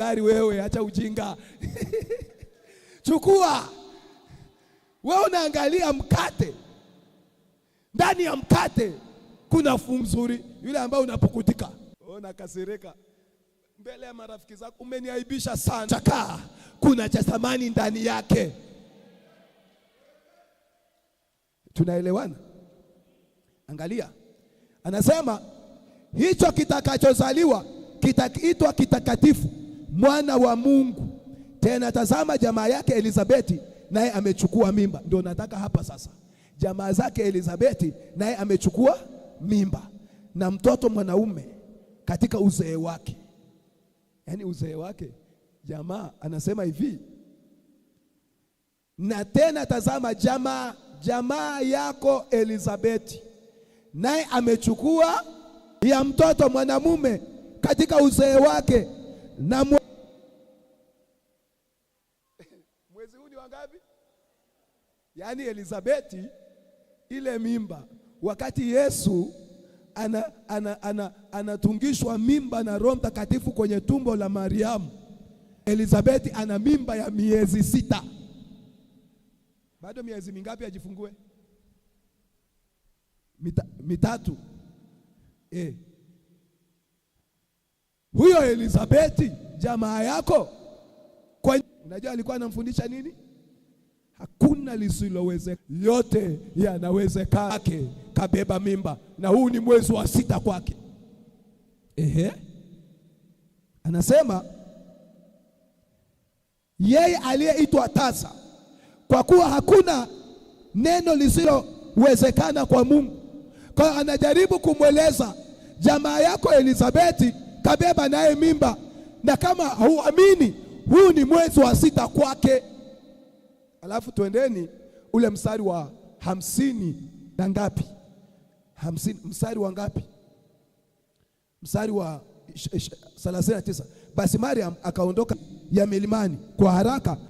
Gari wewe, acha ujinga chukua. Wewe unaangalia mkate, ndani ya mkate kuna fumu nzuri, yule ambaye unapukutika unakasirika mbele ya marafiki zako, umeniaibisha sana. Chakaa kuna cha thamani ndani yake. Tunaelewana? Angalia, anasema hicho kitakachozaliwa kitaitwa kitakatifu mwana wa Mungu. Tena tazama, jamaa yake Elizabeti naye amechukua mimba. Ndio nataka hapa sasa, jamaa zake Elizabeti naye amechukua mimba na mtoto mwanaume katika uzee wake, yaani uzee wake. Jamaa anasema hivi, na tena tazama, jamaa jamaa yako Elizabeti naye amechukua ya mtoto mwanamume katika uzee wake na mwezi huu ni wangapi? Yaani Elizabeti ile mimba, wakati Yesu anatungishwa ana, ana, anatungishwa mimba na Roho Mtakatifu kwenye tumbo la Mariamu, Elizabeti ana mimba ya miezi sita. Bado miezi mingapi ajifungue? Mita, mitatu eh huyo Elizabeti jamaa yako kwa... Unajua alikuwa anamfundisha nini? Hakuna lisilowezekana, yote yanawezekana. Yake kabeba mimba, na huu ni mwezi wa sita kwake. Ehe, anasema yeye aliyeitwa tasa, kwa kuwa hakuna neno lisilowezekana kwa Mungu. Kwa hiyo anajaribu kumweleza jamaa yako Elizabeti kabeba naye mimba, na kama huamini, huu ni mwezi wa sita kwake. Alafu twendeni ule mstari wa hamsini na ngapi? Hamsini, mstari wa ngapi? Mstari wa 39. Basi Mariam akaondoka ya milimani kwa haraka